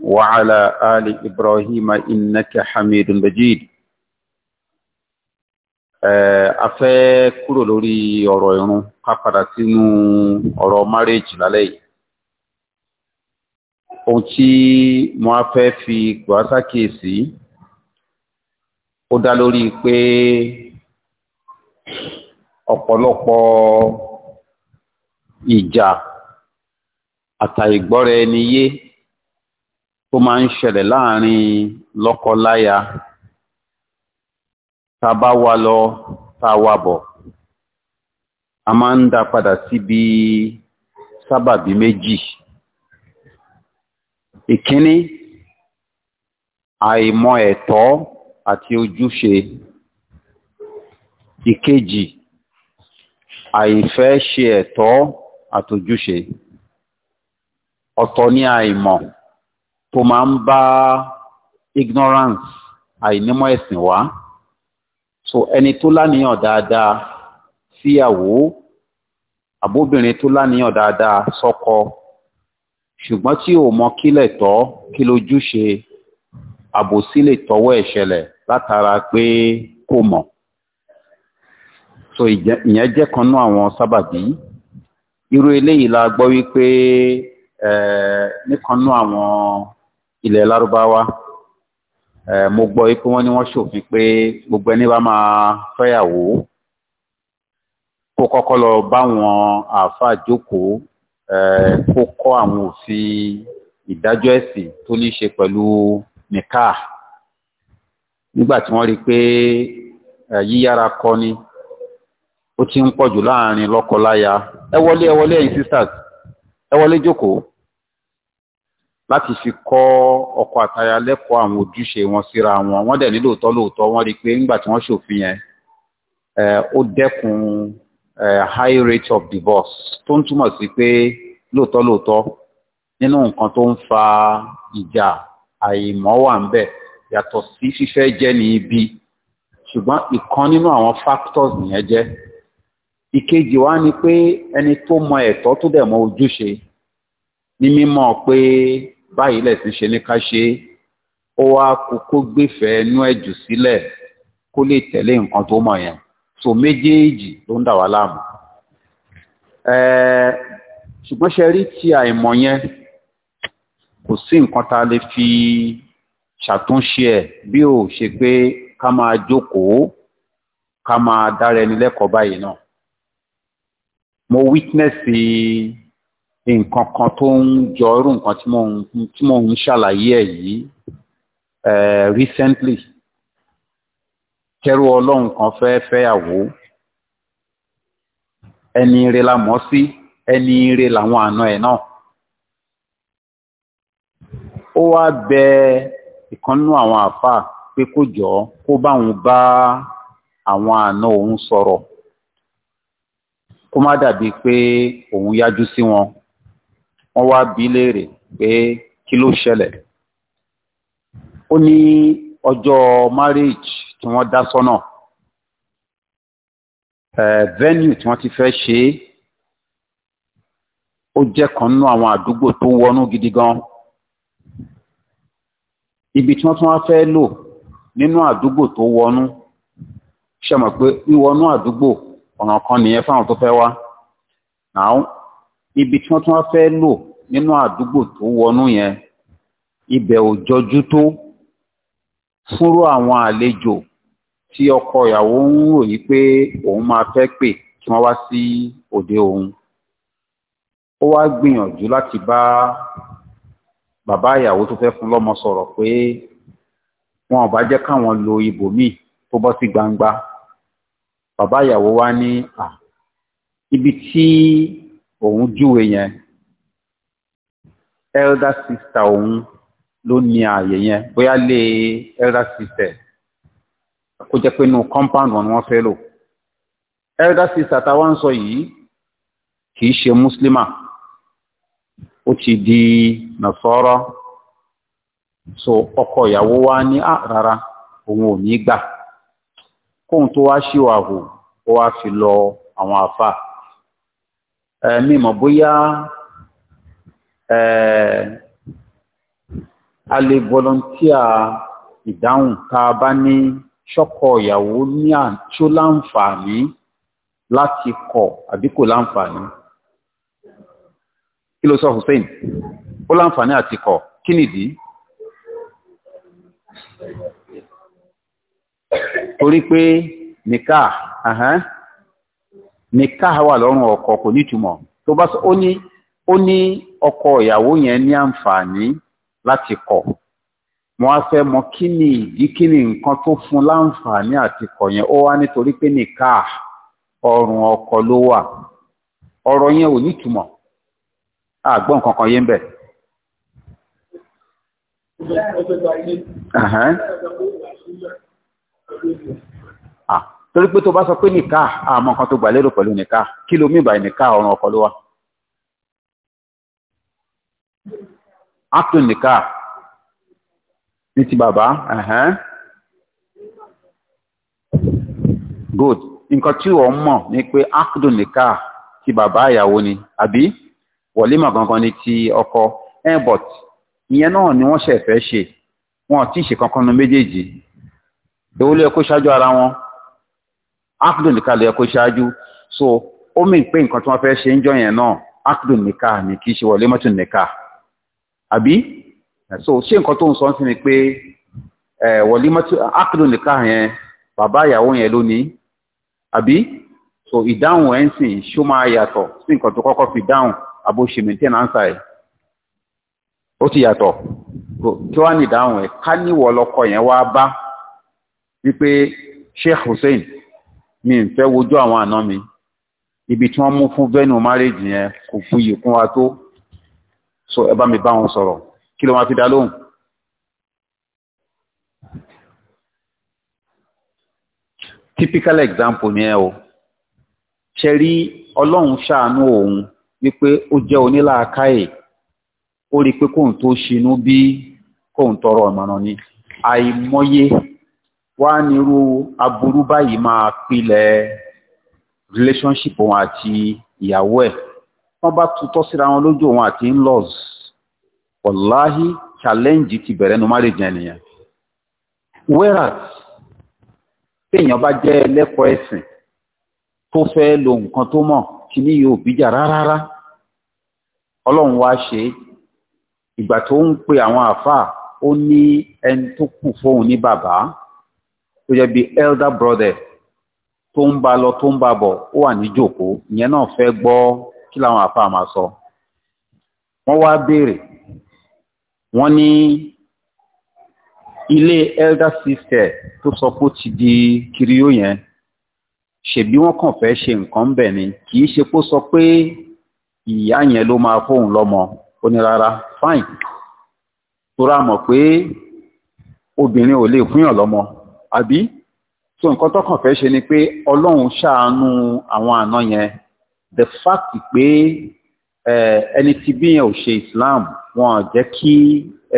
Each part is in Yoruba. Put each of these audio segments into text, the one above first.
وعلى آل إبراهيم إنك حميد مجيد a kúrò lórí ọ̀rọ̀ irun ká padà sínú ọ̀rọ̀ marriage yìí ohun tí mo á fẹ́ fi gbàásà kíyèsí ó dá lórí pé ọ̀pọ̀lọpọ̀ ìjà àtàìgbọ́ra ẹni yé tó máa ń ṣẹlẹ̀ láàrin lọ́kọ-láya tá a bá wá lọ tá a wá bọ̀ a máa ń dá padà síbi sábàbí méjì ìkíní àìmọ̀ ẹ̀tọ́ àti ojúṣe ìkejì àìfẹ́ ṣe ẹ̀tọ́ àtojúṣe ọ̀tọ̀ ni àìmọ̀ tó máa ń bá ignorance àìnímọ̀ ẹ̀sìn wá so ẹni tó láníyàn dáadáa síyàwó àbóbìnrin tó láníyàn dáadáa sọ́kọ ṣùgbọ́n tí ò mọ kí lẹ̀ tọ́ kí lójúṣe àbòsí lè tọwọ́ ẹ̀ látara pé kò mọ̀ so ìyẹn jẹ́ kan náà àwọn sábàbí irú eléyìí la gbọ́ wípé nìkan náà àwọn ilẹ̀ lárúbáwá eh, mo gbọ́ pé wọ́n ní wọ́n ṣòfin pé gbogbo ẹni bá máa fẹ́yàwó kó kọ́kọ́ lọ báwọn àáfàá jókòó eh, kó kọ́ àwọn òfin ìdájọ́ ẹ̀sìn tó ní ṣe pẹ̀lú nìka nígbà tí wọ́n rí i pé eh, yíyára kọ́ ni ó ti ń pọ̀jù láàrin lọ́kọ-láya ẹ wọlé ẹ wọlé ẹ̀yin sisters ẹ wọlé jókòó láti fi kọ́ ọkọ àtaya lẹ́kọ̀ọ́ àwọn ojúṣe wọn síra wọn wọ́n dẹ̀ ní lóòótọ́ lóòótọ́ wọ́n rí i pé nígbà tí wọ́n ṣòfin yẹn ó dẹ́kun high rate of divorce tó ń túmọ̀ sí pé lóòótọ́ lóòótọ́ nínú nǹkan tó ń fa ìjà àìmọ̀ wà ń bẹ̀ yàtọ̀ sí fífẹ́ jẹ́ ní ibi ṣùgbọ́n ìkan nínú àwọn factors nìyẹn jẹ́ ìkejì wa ni pé ẹni tó mọ ẹ̀tọ́ tó dẹ̀ mọ ojúṣe ní mímọ̀ pé báyìí lẹ̀sìn ṣe ní ká ṣe é ó wá kókó gbéfẹ̀ẹ́ inú ẹ̀ jù sílẹ̀ kó lè tẹ̀lé nǹkan tó mọ̀ yẹn so méjèèjì ló ń dà wá láàmú ṣùgbọ́n ṣe rí ti àìmọ̀ yẹn kò sí nǹkan tá a lè fi ṣàtúnṣe ẹ̀ bí ò ṣe pé ká máa jókòó ká máa dára ẹni lẹ́kọ̀ọ́ báyìí náà mo wítínẹ̀sì nǹkan kan tó ń jọrú nǹkan tí mò ń ṣàlàyé ẹ̀ yìí recently kẹrù ọlọ́run kan fẹ́ fẹ́yàwó ẹni ire la mọ̀ sí ẹni ire làwọn àna ẹ̀ náà ó wá bẹ ìkànnú àwọn àfáà pé kó jọ kó báwọn bá àwọn àna òun sọ̀rọ̀ kó má dàbíi pé òun yájú sí wọn wọ́n wá bí léèrè pé kí ló ṣẹlẹ̀ ó ní ọjọ́ marriage tí wọ́n dá sọ́nà venue tí wọ́n ti fẹ́ ṣe é ó jẹ́ kan nínú àwọn àdúgbò tó wọnú gidi gan ibi tí wọ́n tún wá fẹ́ lò nínú àdúgbò tó wọnú ṣe mọ̀ pé wíwọnú àdúgbò ọ̀nà kan nìyẹn fáwọn tó fẹ́ wá ibi tí wọ́n tún wá fẹ́ lò nínú àdúgbò tó wọnú yẹn ibẹ̀ ò jọjú tó fúnrú àwọn àlejò tí ọkọ ìyàwó ń rò yí pé òun máa fẹ́ pè kí wọ́n wá sí òde òun ó wá gbìyànjú láti bá bàbá ìyàwó tó fẹ́ fún lọ́mọ sọ̀rọ̀ pé wọn ò bá jẹ́ káwọn lo ibòmíì tó bọ́ sí gbangba bàbá ìyàwó wá ní à ibi tí òun júwe yẹn elder sister òun ló ní ààyè yẹn bóyá lé elder sister kó jẹ́ pé inú compound wọn ni wọ́n fẹ́ lò elder sister táwa ń sọ yìí kì í ṣe muslima ó ti di nàṣọ́rọ́ so ọkọ ìyàwó wa ní à rárá òun ò ní gbà kóhun tó wá ṣíwàhù ó wá fi lọ àwọn àfà ẹ̀mí mọ̀ bóyá Eh, a lè volunteer ìdáhùn tá a bá ní ṣọkọ ìyàwó ní àṣó láǹfààní láti kọ̀ àbí kò láǹfààní kí ló sọ Hussein ó láǹfààní àti kọ̀ kí nìdí torí pé nìká nìká wà lọ́rùn ọkọ̀ kò nítumọ̀ tó bá sọ ó ní ó ní ọkọ ìyàwó yẹn ní àǹfààní láti kọ̀ wọ́n á fẹ́ mọ̀ kí ni ìdí kí ni nǹkan tó fún láǹfààní àti kọ̀ yẹn ó wá nítorí pé nìka ọrùn ọkọ ló wà ọ̀rọ̀ yẹn ò nítumọ̀ àgbọn nǹkan kan yé ń bẹ. torí pé tó bá sọ pé nìka àmọ́ nǹkan tó gbà lérò pẹ̀lú nìka kí ló mìíràn nìka ọrùn ọkọ ló wà. akto nìka ní ti bàbá ẹ̀hẹ́n good nǹkan tí wọ́n mọ̀ ni pé akto nìka ti bàbá ìyàwó ni àbí wọ̀límọ̀ gangan ni ti ọkọ airbot eh, ìyẹn náà ni wọ́n ṣẹ̀ fẹ́ ṣe wọn ti ṣe kankan nu méjèèjì èwo ló yẹ kó ṣáájú ara wọn akdo nìkan ló yẹ kó ṣáájú so ó mì pé nǹkan tí wọ́n fẹ́ ṣe ń jọ yẹn náà akdo nìkan ni kì í ṣe wọlé mọ́tò nìkan àbí so ṣé nǹkan tó ń sọ sí ni pé wọ̀límọ́tò ákìlò nìkan yẹn bàbá ìyàwó yẹn ló àbí so ìdáhùn ẹ̀ ń sìn ṣó máa yàtọ̀ sí nǹkan tó kọ́kọ́ fi dáhùn àbó ṣe maintain answer ẹ̀ ó ti yàtọ̀ kí wàá ní ìdáhùn ẹ̀ ká níwọ̀ lọkọ yẹn wá bá wípé Sheikh Hussein mi ń fẹ́ wojú àwọn àna mi ibi tí wọ́n mú fún venue marriage yẹn kò fún yìí kún wa tó so ẹ bá mi bá wọn sọ̀rọ̀ kí ló máa fi dá lóhùn typical example ni ẹ o ṣe rí ọlọ́run ṣàánú òun wípé ó jẹ́ onílàákàyè ó rí i pé kóun tó ṣinú bí kóun tọrọ ìmọ̀ràn ni àìmọye wá nírú aburú báyìí máa pilẹ̀ relationship òun àti ìyàwó ẹ̀ wọ́n bá tutọ́ síra wọn lójú òun àti in-laws wàláhí challenge ti bẹ̀rẹ̀ nu marriage yẹn nìyẹn whereas téèyàn bá jẹ́ ẹlẹ́kọ̀ọ́ ẹ̀sìn tó fẹ́ lo nǹkan tó mọ̀ kí ní yóò bíjà rárá ọlọ́run wá ṣe ìgbà tó ń pe àwọn àfáà ó ní ẹni tó kù fóun ní bàbá tó jẹ́ bí elder brother tó ń ba lọ tó ń ba bọ̀ ó wà ní jòkó ìyẹn náà fẹ́ gbọ́ kí làwọn àfáà máa sọ wọ́n wá béèrè wọ́n ní ilé elder sister tó sọ pé ó ti di kiriyó yẹn ṣebí wọ́n kàn fẹ́ ṣe nǹkan ń bẹ̀ ni kì í ṣe kó sọ pé ìyá yẹn ló máa fóun lọ́mọ ó ní rárá fine tóra mọ̀ pé obìnrin ò lè fúnyàn lọ́mọ àbí so nǹkan tó kàn fẹ́ ṣe ni pé ọlọ́run ṣàánú àwọn àna yẹn the fact pé ẹni tí bí yẹn ò ṣe islam wọn jẹ́ kí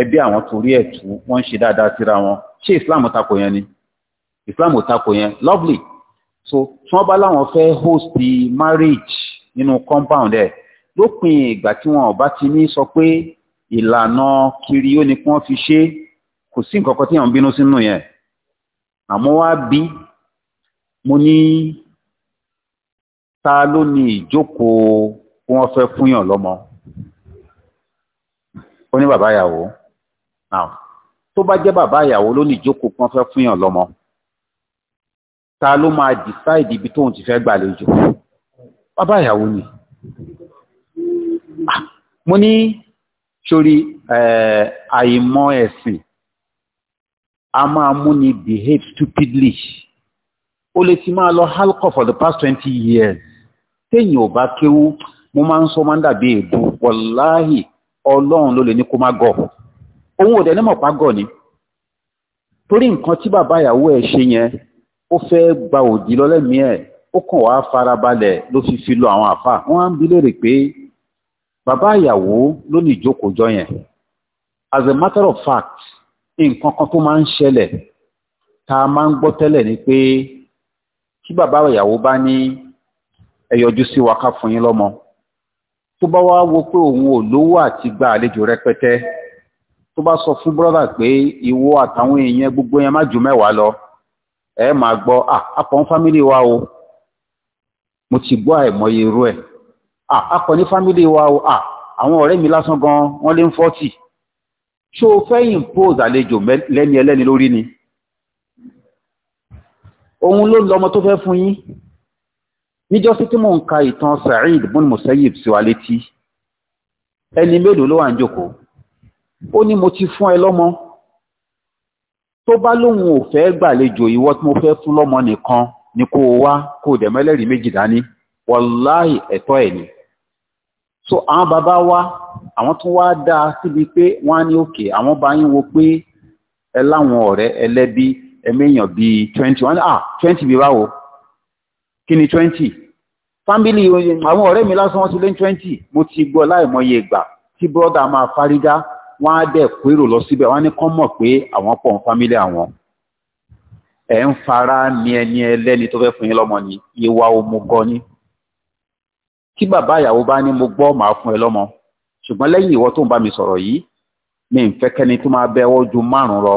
ẹbí àwọn torí ẹ̀ tú wọ́n ń ṣe dáadáa síra wọn ṣé islam tako yẹn ni islam ò tako yẹn lovely so tí wọ́n bá láwọn fẹ́ host the marriage nínú compound ẹ̀ lópin ìgbà tí wọn ò bá ti ní sọ pé ìlànà kiri ó ní kí wọ́n fi ṣe kò sí nǹkan kan tí àwọn bínú sínú yẹn àmọ́ wá bí mo ní ta ló ní ìjókòó wọ́n fẹ́ fúnyàn lọ́mọ ó ní bàbá ìyàwó tó bá jẹ́ bàbá ìyàwó ló ní ìjókòó wọ́n fẹ́ fúnyàn lọ́mọ ta ló máa dìsáìdì ibi tóun ti fẹ́ gbàlejò bàbá ìyàwó ni ah, mo ní sórí eh, àìmọ̀ ẹ̀sìn a máa múni behave stupidly o lè ti máa lọ halkọ for the past twenty years téèyàn ò bá kéwú mo máa ń sọ máa ń dàbí wọláhì ọlọ́run ló lè ní kó má gọ̀ òun ò dẹ̀ ní mọ̀pá gọ̀ ni torí nǹkan tí bàbá ìyàwó ẹ̀ ṣe yẹn ó fẹ́ gba òdì lọ́lẹ́mìí ẹ̀ ó kàn wá farabalẹ̀ ló fi lọ àwọn wọ́n á pé bàbá ìyàwó ló ní yẹn as a matter of fact nǹkan kan tó máa ń ṣẹlẹ̀ tá a máa ń gbọ́ tẹ́lẹ̀ ni pé bá ní ẹ yọjú sí wa ká fún yín lọ́mọ tó bá wá wo pé òun ò lówó àti gba àlejò rẹpẹtẹ tó bá sọ fún brọ́dà pé ìwọ àtàwọn èèyàn gbogbo yẹn má ju mẹ́wàá lọ ẹ máa gbọ́ àpọ̀ ń fámílì wa o mo ti gbọ́ àìmọye irú ẹ̀ àpọ̀ ní fámílì wa o àwọn ọ̀rẹ́ mi lásán gan wọ́n lé ń fọ́tì ṣó o fẹ́ impose àlejò lẹ́ni ẹlẹ́ni lórí ni òun ló lọ́mọ tó fẹ́ fún yín níjọ́ sí tí mò ń ka ìtàn Sa'id bin Musayyib sí wa létí ẹni mélòó ló wà ń jókòó ó ní mo ti fún ẹ lọ́mọ tó bá lóun ò fẹ́ gbàlejò ìwọ tí mo fẹ́ fún lọ́mọ nìkan ni kó wá kó o méjì dání wàláì ẹ̀tọ́ ẹ̀ ni so àwọn bàbá wa àwọn tún wá dá a síbi pé wọ́n á ní òkè àwọn bá yín wo pé ẹ láwọn ọ̀rẹ́ ẹlẹ́bí ẹmẹ́yàn bíi twenty one ah twenty bíi báwo kí ni twenty fámílì àwọn ọ̀rẹ́ mi lásán wọ́n ti lé ní mo ti gbọ́ láìmọye ìgbà tí brọ́dà máa fárígá wọ́n á dẹ̀ pérò lọ síbẹ̀ wọ́n á ní kán pé àwọn pọ̀ ń fámílì àwọn ẹ̀ ń fara ní ẹni ẹlẹ́ni tó fẹ́ fún yín lọ́mọ ni ìwà òmùgọ ni kí bàbá ìyàwó bá ní mo gbọ́ màá fún ẹ lọ́mọ ṣùgbọ́n lẹ́yìn ìwọ tó ń bá mi sọ̀rọ̀ yìí mi ń fẹ́ tó máa bẹ ọwọ́ ju márùn-ún lọ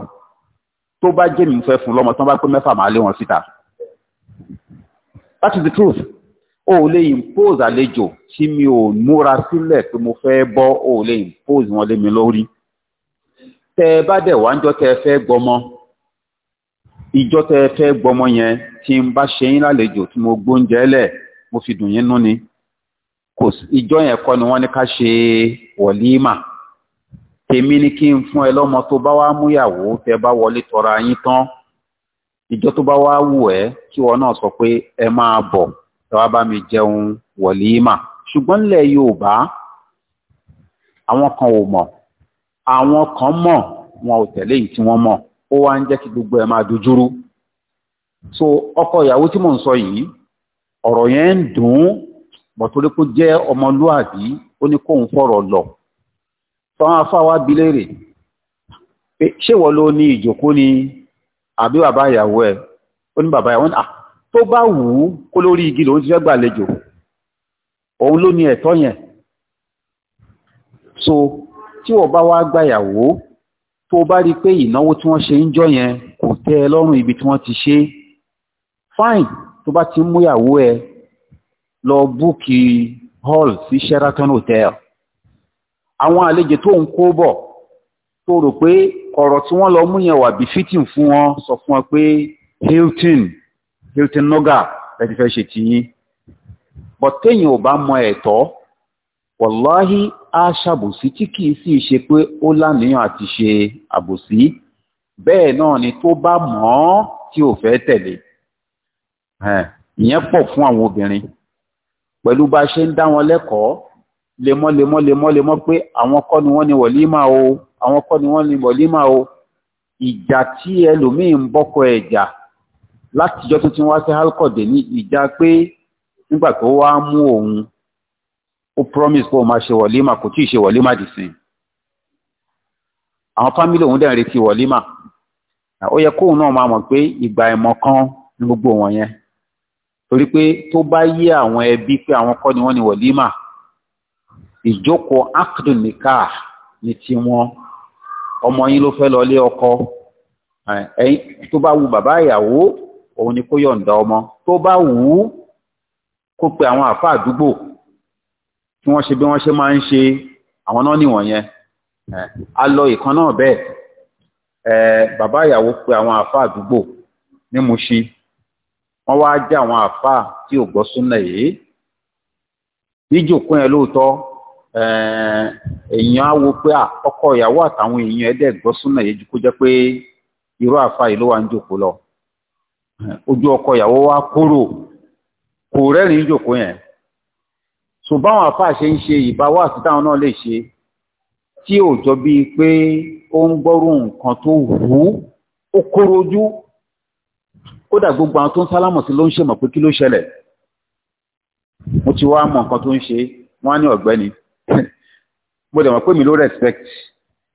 tó bá jẹ́ mi fẹ́ fún lọ́mọ tó bá pé mẹ́fà máa lé wọn síta that is the truth o ò lè impose àlejò tí mi ò múra sílẹ̀ pé mo fẹ́ bọ́ o ò lè impose wọn lé mi lórí tẹ ẹ bá dẹ̀ wá ń tẹ ẹ fẹ́ gbọmọ ìjọ tẹ ẹ fẹ́ gbọmọ yẹn tí n bá ṣe yín lálejò tí mo gbóúnjẹ lẹ̀ mo fi dùn yín nú ni kò sí ìjọ yẹn kọ́ ni wọ́n ní ká ṣe wọ̀límà tèmi ni kí n fún ẹ lọ́mọ tó bá wá múyàwó tẹ bá wọlé tọrọ ayín tán ìjọ tó bá wá wù ẹ́ kí wọn náà sọ pé ẹ máa bọ̀ ẹ wá bá mi jẹun wọ̀límà ṣùgbọ́n nílẹ̀ Yorùbá àwọn kan ò mọ̀ àwọn kan mọ̀ wọn ò tẹ̀lé yìí tí wọ́n mọ̀ ó wá ń jẹ́ kí gbogbo ẹ̀ máa dojúrú so ọkọ ìyàwó tí mò ń sọ yìí ọ̀rọ̀ yẹn ń dùn ún bọ̀ kó jẹ́ ọmọlúàbí ó ní kóun fọ̀rọ̀ lọ tọ́wọ́n afáwá bi ṣé wọ́n ló ní ìjókòó ni àbí bàbá ìyàwó ẹ̀ ó ní bàbá ìyàwó ní ah, à tó bá wù ú kó lórí igi lòun ti fẹ́ gbàlejò òun ló ní ẹ̀tọ́ yẹn so tí wọ́n bá wá gbàyàwó tó bá rí pé ìnáwó tí wọ́n ṣe ń jọ yẹn kò tẹ́ ẹ lọ́rùn ibi tí wọ́n ti ṣe fine tó bá ti mú ìyàwó ẹ lọ búùkì hall sí Sheraton hotel àwọn àlejò tó ń kó bọ̀ tó rò pé ọ̀rọ̀ tí wọ́n lọ mú yẹn wà bí fitting fún wọn sọ fún wọn pé Hilton Hilton Noga lẹ́ti fẹ́ ṣe tiyín but téèyàn ò bá mọ ẹ̀tọ́ wàláhí á ṣàbòsí tí kìí sì ṣe pé ó lánìyàn àti ṣe àbòsí bẹ́ẹ̀ náà ni tó bá mọ̀ ọ́ tí ò fẹ́ tẹ̀lé ìyẹn pọ̀ fún àwọn obìnrin pẹ̀lú bá a ṣe ń dá wọn lẹ́kọ̀ọ́ lemọ́ lemọ́ pé àwọn kọ́ ni wọ́n ni wọ̀límà o àwọn kọ́ ni wọ́n ni wọ̀límà o ìjà tí ẹlòmíín bọ́kọ ẹ̀jà látijọ́ tó ti wá sí alkọ̀dé ní ìjà pé nígbà tó wá mú òun ó promise pé òun máa ṣe wọ̀límà kò tíì ṣe wọ̀límà dìsìn àwọn fámílì òun dẹ̀ retí wọ̀límà ó yẹ kóun náà máa mọ̀ pé ìgbà ẹ̀mọ̀ kan ní gbogbo wọn yẹn torí pé tó bá yé àwọn ẹbí pé àwọn kọ́ ni wọ́n ni wọ̀límà ìjókòó akdun nikah ní ti wọn ọmọ yín ló fẹ́ lọ lé ọkọ tó bá wu bàbá ìyàwó òun ni kó yọ̀ǹda ọmọ tó bá wù ú kó pe àwọn àfa àdúgbò kí wọ́n ṣe bí wọ́n ṣe máa ń ṣe àwọn náà nìwọ̀nyẹn a lọ ìkan náà bẹ́ẹ̀ bàbá ìyàwó pe àwọn àfa àdúgbò ní Mùṣí wọ́n wá jẹ́ àwọn àfa tí ò gbọ́ súnlẹ̀ yìí níjókòó yẹn lóòótọ́ èèyàn á wo pé ọkọ ìyàwó àtàwọn èèyàn ẹ̀ẹ́dẹ́gbọ́sùn náà yéjú kó jẹ́ pé irú àfa yìí ló wà ń jókòó lọ ojú ọkọ ìyàwó wa kúrò kò rẹ́rìn ìjòkó yẹn so báwọn àfáà ṣe ń ṣe ìbáwá àti táwọn náà lè ṣe tí ò jọ bíi pé ó ń gbọ́rú nǹkan tó wù ú ó kóró ojú kódà gbogbo àwọn tó ń sálámọ̀ sí ló ń ṣèmọ̀ pé kí ló ṣẹlẹ̀ mo ti wá mọ nǹkan tó ń ṣe wọ́n á ní ọ̀gbẹ́ni mo dẹ̀ mọ̀ pé mi ló respect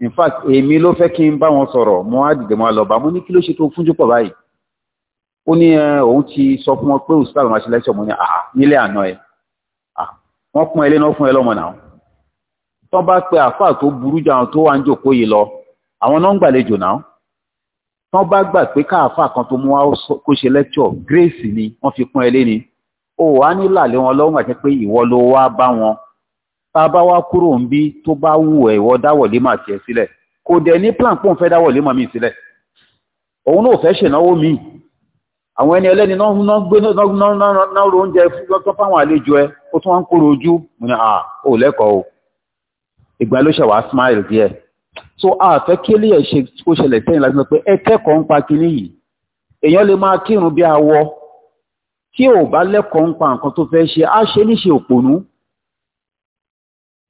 in fact èmi ló fẹ́ kí n bá wọn sọ̀rọ̀ mo á dìde mo á lọ bá mo ní kí ló ṣe tó fúnjú pọ̀ báyìí ó ní òun ti sọ fún wọn pé òsítà lọ́mọ ṣe lẹ́sọ̀ mọ́ ní àá nílé àná ẹ̀ wọ́n pọn ẹ lẹ́nà fún ẹ lọ́mọ náà tọ́ bá pe àfáà tó burú jà tó wà ń jòkó yìí lọ àwọn náà ń gbàlejò náà tọ́ bá gbà pé káàfáà kan tó mú wá kó ṣe lẹ́kṣọ̀ gírèsì ni wọ́n fi pọn ẹ ni ó wàá ní làlẹ́ wọn lọ́wọ́ àti pé ìwọ ló wá bá wọn tá a bá wá kúrò ń bí tó bá wù ẹ̀ ìwọ dáwọ̀lé mà tiẹ̀ sílẹ̀ kò dẹ̀ ní plan pọ́n fẹ́ dáwọ̀lé mà mí sílẹ̀ òun náà fẹ́ ṣènáwó míì àwọn ẹni ẹlẹ́ni náà ro oúnjẹ lọ́tọ́ fáwọn àlejò ẹ ó tún wá ń kóró ojú mo ní à ah, ó lẹ́kọ̀ọ́ o ìgbà ló ṣẹ̀wá smile díẹ̀ so àfẹ́ kí lè ṣe kó ṣẹlẹ̀ sẹ́yìn láti lọ pé ẹ kẹ́kọ̀ọ́ ń pa kinní yìí èèyàn lè máa kírun bí awọ tí ò bá lẹ́kọ̀ọ́ ń pa nǹkan tó fẹ́ ṣe á ṣe níṣe òpònú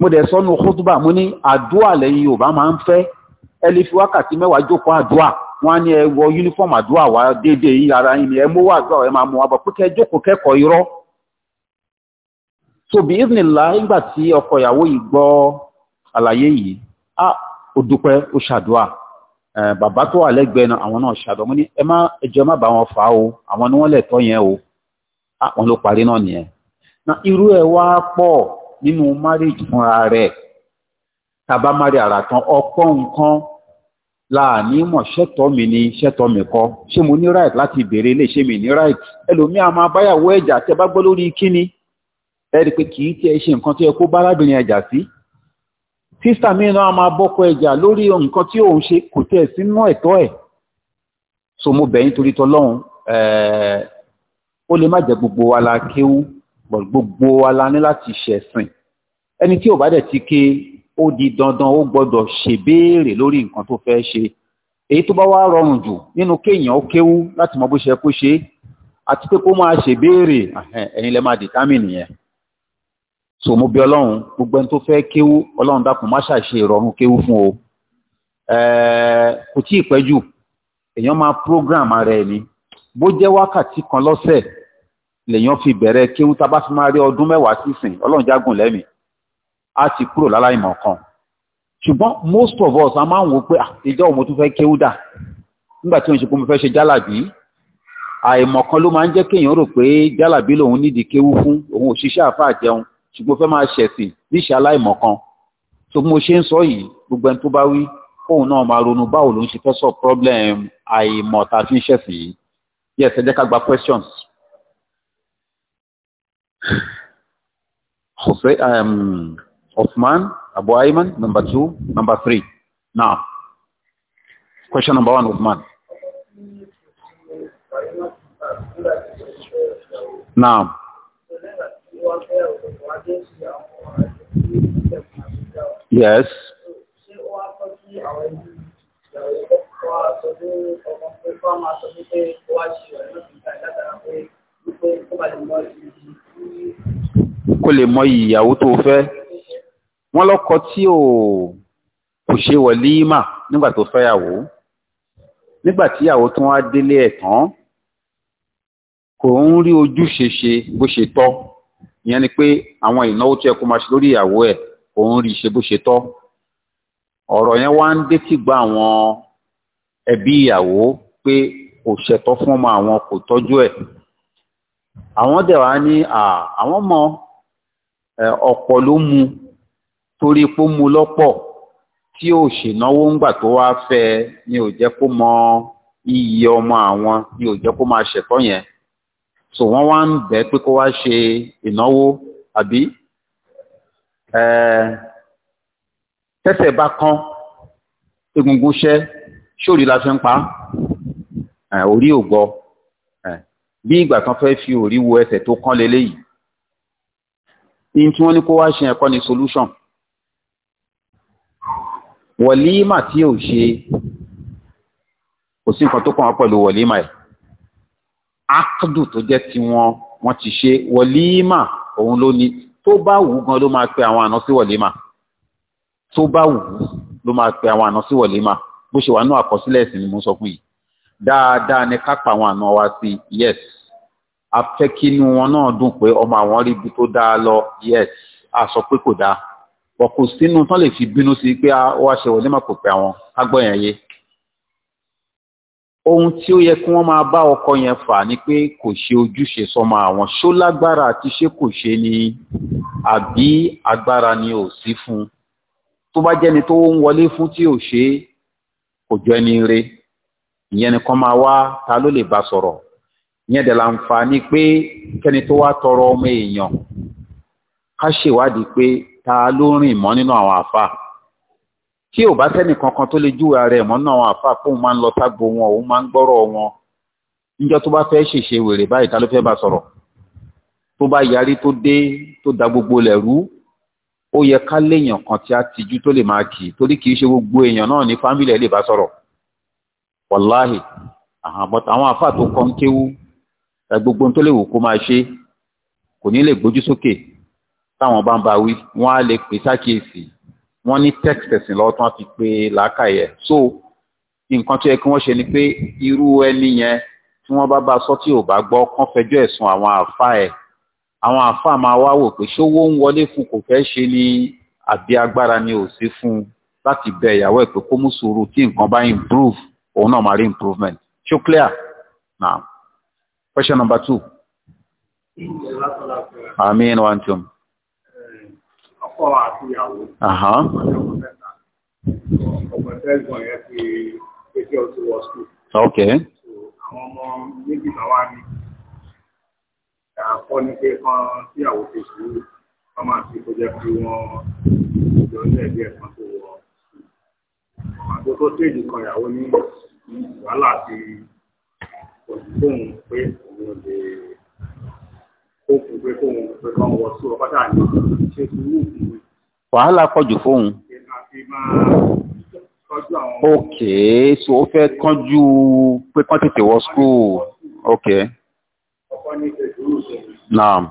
mo dẹ̀ sọ́nu kótóbà mo ní àdúà lẹ́yìn Yorùbá máa ń fẹ́ ẹ lè fi wákàtí mẹ́wàá jókòó àdúà wọ́n á ní ẹ wọ uniform àdúrà wá déédéé yìí ara yìí ni ẹ mú wá àdúrà ẹ máa mú irọ́ so bí ìdìnnìlá nígbà tí ọkọ ìyàwó yìí gbọ́ àlàyé yìí a ó dúpẹ́ ó bàbá tó wà lẹ́gbẹ̀ẹ́ náà àwọn náà ni ẹ má ẹjọ́ má bá o àwọn ni wọ́n lẹ̀ tọ́ yẹn o ló parí náà nìyẹn irú wá pọ̀ nínú marriage fúnra rẹ̀ tàbá àrà tán láàní mọ̀ ṣẹ́tọ́ mi ni ṣẹ́tọ́ mi kọ́ ṣé mo ní right láti béèrè lè ṣe mi ní right ẹlòmíà máa báyàwó ẹ̀jà tẹ bá gbọ́ lórí kíni ẹ rí i pé kì í tiẹ̀ ṣe nǹkan tí ẹ kó bá arábìnrin ẹ̀jà sí sísà mi náà máa bọ́kọ ẹ̀jà lórí nǹkan tí òun ṣe kò tẹ̀ sínú ẹ̀tọ́ ẹ̀ so mo bẹ̀yìn torí tọlọ́run ó lè má jẹ́ gbogbo wa la kéwú gbogbo wa la ní láti ṣẹ̀sìn ẹni tí ò bá dẹ̀ ti ké ó di dandan ó gbọ́dọ̀ ṣèbéèrè lórí nǹkan tó fẹ́ ṣe èyí tó bá wá rọrùn jù nínú kéèyàn ó kéwú láti mọ bó ṣe kó ṣe àti pé kó máa ṣèbéèrè ẹ̀yin lè máa dìtámìnì yẹn so mo bí ọlọ́run gbogbo ẹni tó fẹ́ kéwú ọlọ́run dákun má ṣàṣe ìrọ̀rùn kéwú fún o kò tí pẹ́ jù èèyàn máa program ara ẹ̀ ni bó jẹ́ wákàtí kan lọ́sẹ̀ lèèyàn fi bẹ̀rẹ̀ kéwú tá a bá fi máa rí ọdún mẹ́wàá sísìn ọlọ́run jágùn lẹ́mìí á ti kúrò láláìmọ̀ kan ṣùgbọ́n most of us a máa ń wò pé ìjọ òun tún fẹ́ kéwúdà nígbà tí wọ́n ṣe pé mo fẹ́ ṣe jálàbí àìmọ̀ kan ló máa ń jẹ́ kéèyàn rò pé jálàbí lòun nídìí kéwú fún òun òṣìṣẹ́ àfáà jẹun ṣùgbọ́n fẹ́ máa ṣẹ̀sìn níṣẹ́ aláìmọ̀ kan tó mo ṣe ń sọ yìí gbogbo ẹni tó bá wí kóun náà máa ronú báwo ló ń ṣe fẹ́ sọ problem àìmọ̀ tá a fi ń ṣẹ̀sìn yìí yes ẹ jẹ́ ká gba questions. Jose, um, Osman Abu Ayman, number two, number three. Now, question number one, Osman. Now, yes. kó lè mọ ìyàwó tó fẹ́ wọ́n lọ́kọ tí ò kò ṣe wọ̀límà nígbà tó fẹ́yàwó nígbà tíyàwó tó wá délé ẹ̀ kò ń rí ojúṣe ṣe bó ṣe tọ́ ìyẹn ni pé àwọn ìnáwó tó yẹ kó máa ṣe lórí ìyàwó ẹ̀ kò ń rí ṣe bó ṣe tọ́ ọ̀rọ̀ yẹn wá ń détí gba àwọn ẹbí ìyàwó pé kò ṣẹ̀tọ́ fún ọmọ àwọn kò tọ́jú ẹ̀ àwọn dẹ̀ wá ní àwọn mọ ọ̀pọ̀ ló mu torí pó mu lọ́pọ̀ tí ò ṣènáwó ńgbà tó wá fẹ́ ni ò jẹ́ kó mọ iyì ọmọ àwọn ni ò jẹ́ kó máa ṣẹ̀tọ́ yẹn so wọ́n wá ń bẹ̀ pé kó wá ṣe ìnáwó àbí tẹ́sẹ̀ bá kán egungun ṣẹ́ ṣóòrí la fi ń pa orí ò gbọ́ bí ìgbà kan fẹ́ fi orí wo ẹsẹ̀ tó kán lélẹ́yìí ní tí wọ́n ní kó wá ṣe ẹ̀kọ́ ni solution wọ̀límà tí ò ṣe kò sí nǹkan tó kàn wá pẹ̀lú wọ̀límà ẹ̀ ákùdù tó jẹ́ ti wọn wọ́n ti ṣe wọ̀límà òun ló ní tó bá wù ú gan ló máa pe àwọn àná sí wọ̀límà tó bá wù ú ló máa pe àwọn àná sí wọ̀límà bó ṣe wà nínú àkọsílẹ̀ ẹ̀sìn ni mo sọ fún yìí dáadáa ni ká pa àwọn àna wa sí yes afẹ́kínú wọn náà dùn pé ọmọ àwọn rí ibi tó dáa lọ yes a sọ pé kò dáa wọ́n kò sínú tán lè fi bínú sí pé ó wá ṣe wọlé màkò pé àwọn agbọ̀yàn yé ohun tí ó yẹ kí wọ́n máa bá ọkọ yẹn fà ni pé kò ṣe ojúṣe sọmọ àwọn ṣó lágbára àti ṣé kò ṣe ni àbí agbára ni ò sí fún un tó bá jẹ́ni tó ń wọlé fún tí ò ṣe kò jọ ẹni re ìyẹn nìkan máa wá ta ló lè bá sọ̀rọ̀ ìyẹn dẹ̀ láǹfààní pé kẹ́ni tó wá tọrọ ọmọ èèyàn ká ṣèwádìí pé ta ló rìn mọ́ nínú àwọn àfa tí ò bá sẹ́nì kankan tó lè júwe ara ẹ̀ mọ́ nínú àwọn àfa kóun máa ń lọ ságbo wọn òun máa ń gbọ́rọ̀ wọn níjọ́ tó bá fẹ́ ṣèṣe wèrè báyìí ta ló fẹ́ bá sọ̀rọ̀ tó bá yarí tó dé tó da gbogbo lẹ̀ rú ó yẹ ká léèyàn kan tí a tìjú tó lè máa kì í torí kì í ṣe gbogbo èèyàn náà ní fámìlì ẹ̀ lè bá sọ̀rọ̀ wàláhì àwọn àfa tó kọ́ ń kéwú gbogbo tó lè wò kó máa ṣe kò ní lè gbójú sókè táwọn bá ń ba wí wọ́n á lè pè sákìyèsí wọ́n ní text ẹ̀sìn tí wọ́n fi pe làákàyè so nǹkan tó yẹ kí wọ́n ṣe ni pé irú ẹni yẹn tí wọ́n bá ba sọ tí ò bá gbọ́ kán fẹjọ́ ẹ̀sùn àwọn àáfàá ẹ̀ àwọn àáfàá máa wá wò pé ṣówó ń wọlé fún kò fẹ́ ṣe ni àbí agbára ni ò sí fún un láti bẹ ìyàwó ẹ̀ pé kó mú sùúrù tí nǹkan bá improve òun náà máa rí improvement ṣó clear now question number two. Amin wa antum ọkọ àti ìyàwó. ọmọ tẹ́gbọ̀n yẹn ti pété ọtí wọ skul. ok. àwọn ọmọ méjì náà wá ní. àkọ́ ní pé kan tí ìyàwó ti sùn wọ́n máa fi kó jẹ́ pé wọ́n jọ ní ẹ̀bí ẹ̀kan tó wọ. àti tó stéèjì kan ìyàwó ní wàhálà àti òṣìṣẹ́ òun pé òun lè okùn pé kóhun pé kàn wọ sí ọba tá à ní ṣe sùúrù fún mi. wàhálà pọ̀jù fóun. ok so ó fẹ́ kánjú pé kán tètè wọ skul ok. ọkọ ní ṣe sùúrù fún mi. naam.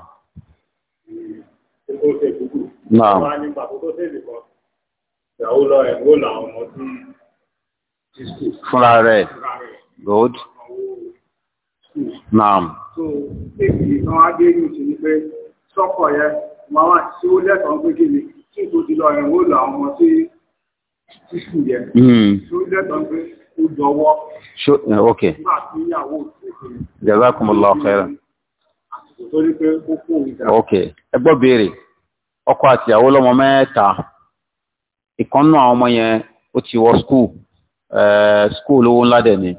ṣé kó ṣe sùúrù. naam. wọ́n á ní pàtó tó ṣe ìbọn ìyàwó lọ ẹ̀wọ́ làwọn ọmọ tí. fúnra rẹ̀ good school. Naam. So èyí kan á dé ní ìṣèlú pé sọ́kọ̀ yẹn máa wà tí ó lẹ́kọ̀ọ́ pé kí ni tí kò ti lọ ìrìn ó àwọn ọmọ sí sísù yẹn. Tí hmm. ó lẹ́kọ̀ọ́ pé ó jọwọ́. Ṣó ok. Nígbà tí ìyàwó òṣèlú. Jazakumullahu khairan. Àsìkò tó rí pé ó kó òun Ok. Ẹ gbọ́ béèrè. Ọkọ àti ìyàwó lọ́mọ mẹ́ta. Ìkan náà àwọn ọmọ yẹn ó ti wọ skul. Skul owó ńlá dẹ̀ ni.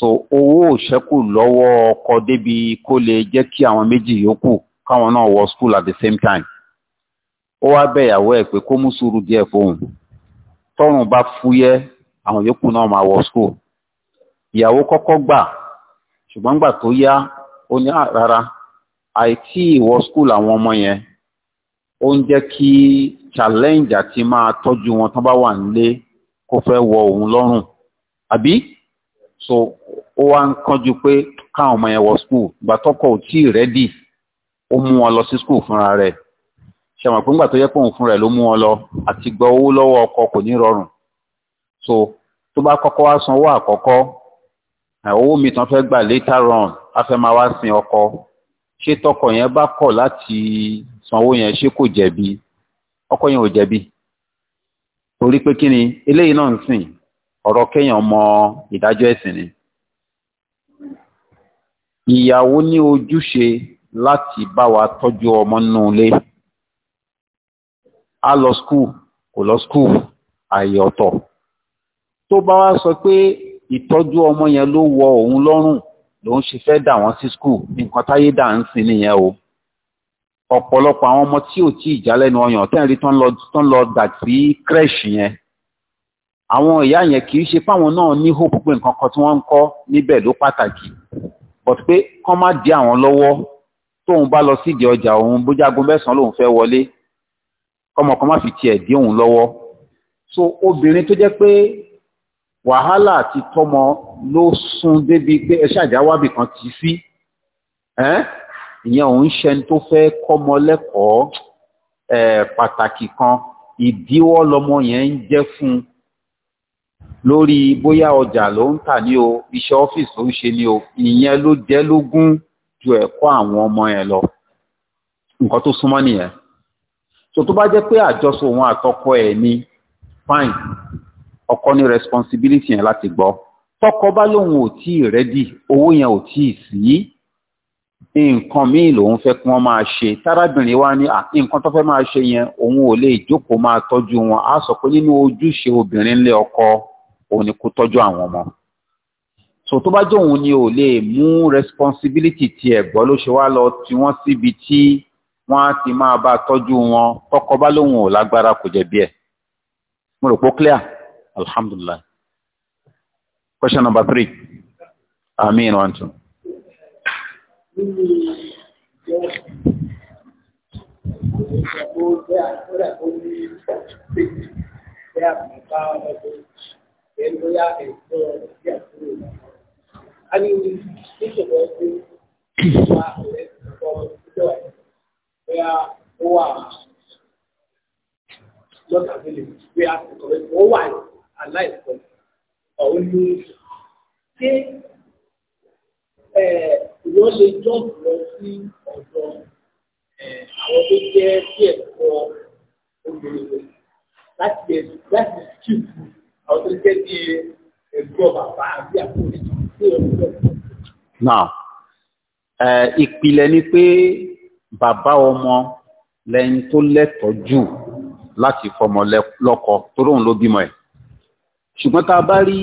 so owó òṣẹ́kù lọ́wọ́ ọkọ débi kó lè jẹ́ kí àwọn méjì yòókù káwọn náà wọ skul at the same time ó wá bẹ̀yàwó ẹ̀ pé kó mú sùúrù díẹ̀ fóun tọ́rùn bá fúyẹ́ àwọn yòókù náà wọ skul ìyàwó kọ́kọ́ gbà ṣùgbọ́n gbà tó yá ó ní rárá àìtí ìwọ school àwọn ọmọ yẹn ó ń jẹ́ kí challenge àti máa tọ́jú wọn tán bá wà nílé kó wọ òun lọ́rùn so ó wá ń kánjú pé káwọn ọmọ yẹn wọ skul ìgbà tọkọ ò tí ì rẹ́dì ó mú wọn lọ sí skul fúnra rẹ̀ ṣàmọ̀ pé ńgbà tó yẹ pé òun fúnra rẹ̀ ló mú wọn lọ àti gba owó lọ́wọ́ ọkọ kò ní rọrùn so tó bá kọ́kọ́ wá san owó àkọ́kọ́ owó mi tán fẹ́ gbà later on a fẹ́ máa wá sin ọkọ ṣé tọkọ yẹn bá kọ̀ láti sanwó yẹn ṣé kò jẹ̀bi ọkọ yẹn ò jẹ̀bi torí pé kí eléyìí náà ń sìn ọ̀rọ̀ kéèyàn mọ ìdájọ́ ẹ̀sìn ni ìyàwó ní ojúṣe láti bá wa tọ́jú ọmọ nínú ilé a lọ skul kò lọ skul àyè ọ̀tọ̀ tó bá wá sọ pé ìtọ́jú ọmọ yẹn ló wọ òun lọ́rùn lòun ṣe fẹ́ dà wọ́n sí skul nǹkan táyé dà ń sin nìyẹn o ọ̀pọ̀lọpọ̀ àwọn ọmọ tí ò tí ìjálẹ́nu ọyàn tẹ́ẹ̀rí tán lọ dà sí kírẹ́ṣì yẹn àwọn ìyá yẹn kì í ṣe páwọn náà ní hope pé nǹkan kan tí wọ́n ń kọ́ níbẹ̀ ló pàtàkì but pé kán má dí àwọn lọ́wọ́ tóun bá lọ sídìí ọjà òun bójú aago mẹ́sàn-án lòun fẹ́ wọlé kọ́mọ kan má fi tiẹ̀ dí òun lọ́wọ́ so obìnrin tó jẹ́ pé wàhálà àti tọmọ ló sún débi pé ẹ ṣàjáwábì kan ti sí ìyẹn òun ṣẹni tó fẹ́ kọ́mọ lẹ́kọ̀ọ́ pàtàkì kan ìdíwọ́ lọmọ yẹn ń jẹ́ fún un lórí bóyá ọjà ló ń tà ní o iṣẹ́ ọ́fíìsì ló ń ṣe ní o ìyẹn ló jẹ́ lógún ju ẹ̀kọ́ àwọn ọmọ yẹn lọ nǹkan tó súnmọ́ nìyẹn so tó bá jẹ́ pé àjọsọ òun àtọkọ ẹ̀ ni fine ọkọ ní responsibility yẹn láti gbọ́ tọkọ bá lóun ò tí ì rẹ́dì owó yẹn ò tí ì sí nǹkan míì lòun fẹ́ kí wọ́n máa ṣe tárábìnrin wa ní nǹkan tó fẹ́ máa ṣe yẹn òun ò lè jókòó máa tọ́jú wọn á sọ pé nínú ojúṣe obìnrin lé ọkọ òun ni kó tọ́jú àwọn ọmọ so tó bá jẹ́ òun ni ò lè mú responsibility ti ẹ̀gbọ́n ló ṣe wá lọ tí wọ́n síbi tí wọ́n á ti máa bá tọ́jú wọn tọkọ bá lóun ò lágbára kò jẹ̀bi ẹ̀ mo rò pé clear alhamdulilah question number three amin one two. Thank you ẹni bóyá ẹ̀sùn ọ̀sẹ̀ àkúrò náà. a ní níṣòro pé wà ẹ̀sùn ọmọ ìjọ ẹ̀ bóyá ó wà lọ́tà mílẹ̀ bóyá ó wà aláìsọ ọ̀hún ní ṣé ìwọ́n lè jọ́ọ̀bù lọ sí ọ̀dọ̀ àwọn tó jẹ́ sí ẹ̀kọ́ obìnrin láti láti ṣìkú àwọn tó jẹ́ bí ẹgbẹ́ bàbá àbí àkórí tí ó ń bọ̀. now ìpìlẹ̀ ni pé bàbá ọmọ lẹ́yìn tó lẹ́tọ̀ọ́ jù láti fọmọ lọ́kọ tó lóun ló bímọ ẹ̀ ṣùgbọ́n tá a bá rí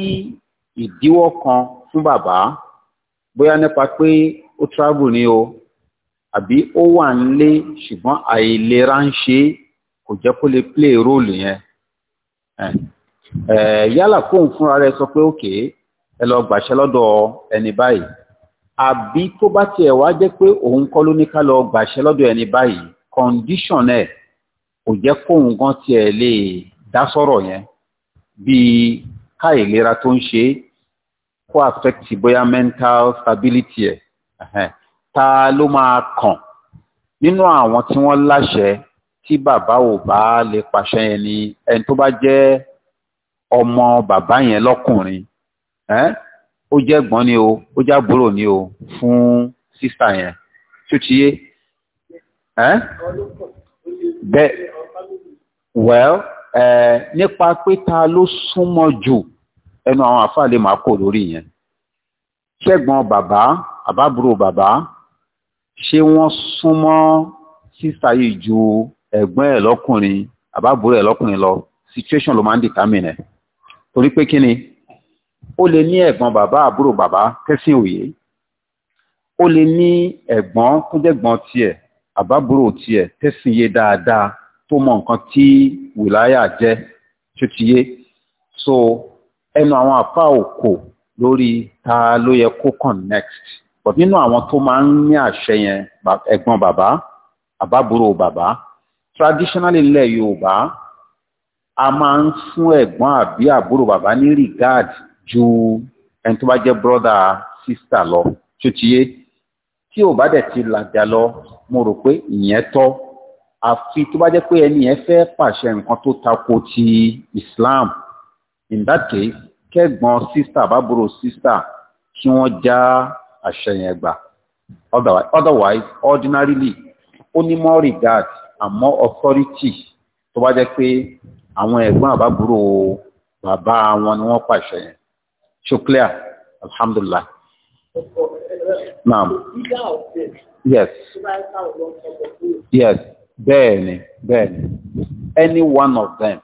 ìdíwọ́ kan fún bàbá bóyá nípa pé ó travel ni o àbí ó wà nílé ṣùgbọ́n àìlera ń ṣe kò jẹ́ kó lè play role yẹn yálà kóun fúnra rẹ̀ sọ pé òkè ẹ lọ gbàṣẹ lọ́dọ̀ ẹni báyìí àbí tó bá tiẹ̀ wá jẹ́ pé òun kọ́ ló ní ká lọ gbàṣẹ lọ́dọ̀ ẹni báyìí kọ́ndíṣọ̀n ẹ̀ kò jẹ́ kóun gan tiẹ̀ lè dá sọ̀rọ̀ yẹn bíi ká ìlera tó ń ṣe kó affect bóyá mental stability ẹ̀ ta ló máa kàn nínú àwọn tí wọ́n láṣẹ tí bàbá ò bá lè pàṣẹ yẹn ni ẹni tó bá jẹ́ ọmọ bàbá yẹn lọ́kùnrin ó jẹ́ ẹ̀gbọ́n ni o ó jẹ́ àbúrò ni o fún sísà yẹn tó ti yé bẹ́ẹ̀ well nípa pé ta ló súnmọ́ jù ẹnu àwọn àfáà lè máa kò lórí yẹn ṣẹ́gbọ́n bàbá àbábúrò bàbá ṣé wọ́n súnmọ́ sísà yìí ju ẹ̀gbọ́n ẹ̀ lọ́kùnrin àbábúrò ẹ̀ lọ́kùnrin lọ situation ló máa ń determine torí pé kí ni ó lè ní ẹ̀gbọ́n bàbá àbúrò bàbá tẹ́sìn òye ó lè ní ẹ̀gbọ́n tó jẹ́gbọ́n tiẹ̀ àbábúrò tiẹ̀ tẹ́sìn yé dáadáa tó mọ nǹkan tí wìláyà jẹ́ tó ti yé so ẹnu àwọn àfa òkò lórí ta ló yẹ kó kàn next but nínú àwọn tó máa ń ní àṣẹ yẹn ẹ̀gbọ́n bàbá àbábúrò bàbá traditionally ilẹ̀ yorùbá a máa ń fún ẹ̀gbọ́n àbí àbúrò bàbá ní regard ju ẹni tó bá jẹ́ brother sister lọ tó ti yé tí ò bá dẹ̀ ti làjà lọ mo rò pé ìyẹn tọ́ àfi tó bá jẹ́ pé ẹni yẹn fẹ́ pàṣẹ nǹkan tó tako ti Islam in that case kẹ́gbọ́n sister bàbúrò sister kí wọ́n já àṣẹ yẹn gbà otherwise ordinarily ó ní more regard and more authority tó bá jẹ́ pé àwọn ẹ̀gbọ́n àbábúrò bàbá wọn ni wọ́n pàṣẹ yẹn ṣókíà alhamdulillah naam yes yes bẹ́ẹ̀ni bẹ́ẹ̀ni any one of them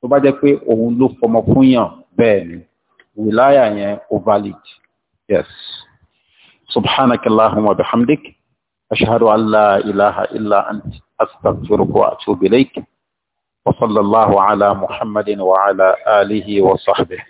tó bá jẹ́ pé òun ló fọmọ fún yàn bẹ́ẹ̀ni wìláyà yẹn ovalid yes subhanakallahumma wa bihamdik ashhadu an la ilaha illa ant astaghfiruka wa atubu ilayk وصلى الله على محمد وعلى آله وصحبه